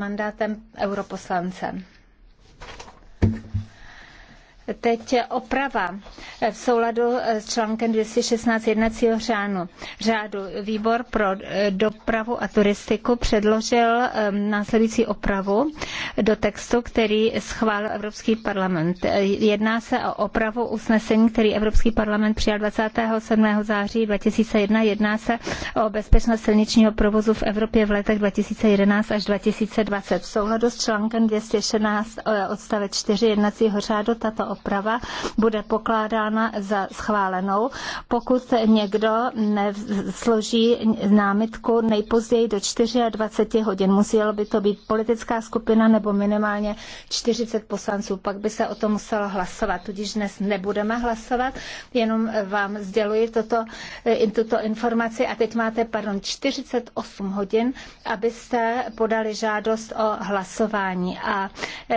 mandátem europoslance teď oprava v souladu s článkem 216 jednacího řádu. řádu. Výbor pro eh, dopravu a turistiku předložil ehm, následující opravu do textu, který schválil Evropský parlament. Eh, jedná se o opravu usnesení, který Evropský parlament přijal 27. září 2001. Jedná se o bezpečnost silničního provozu v Evropě v letech 2011 až 2020. V souladu s článkem 216 eh, odstavec 4 jednacího řádu tato oprava bude pokládána za schválenou, pokud někdo složí námitku nejpozději do 24 hodin. Muselo by to být politická skupina nebo minimálně 40 poslanců, pak by se o tom muselo hlasovat. Tudíž dnes nebudeme hlasovat, jenom vám sděluji toto, eh, tuto informaci a teď máte, pardon, 48 hodin, abyste podali žádost o hlasování a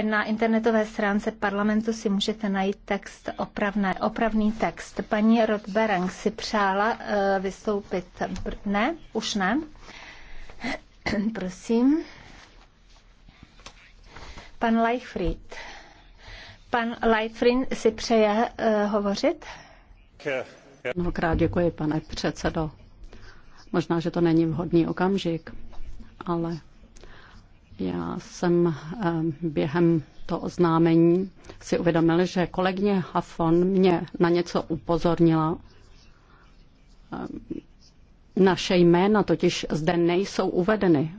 na internetové stránce parlamentu si můžete se najít text opravné, opravný text. Paní Rodberang si přála eh, vystoupit. Ne, už ne. Prosím. Pan Leifried. Pan Leifried si přeje uh, hovořit? Mnohokrát děkuji, pane předsedo. Možná, že to není vhodný okamžik, ale já jsem eh, během to oznámení si uvědomila, že kolegyně Hafon mě na něco upozornila. Ehm, naše jména totiž zde nejsou uvedeny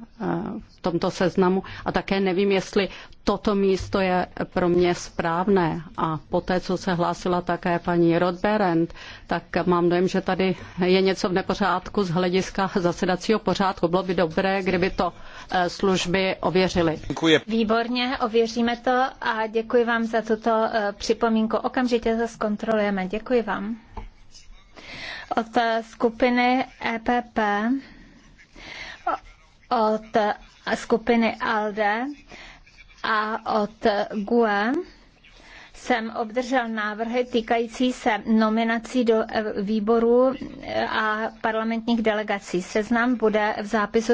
tomto seznamu a také nevím, jestli toto místo je pro mě správné. A poté, co se hlásila také paní Rodberend, tak mám dojem, že tady je něco v nepořádku z hlediska zasedacího pořádku. Bylo by dobré, kdyby to eh, služby ověřily. Výborně, ověříme to a děkuji vám za tuto eh, připomínku. Okamžitě to zkontrolujeme. Děkuji vám. Od eh, skupiny EPP od skupiny ALDE a od GUE jsem obdržel návrhy týkající se nominací do e, výborů e, a parlamentních delegací. Seznam bude v zápisu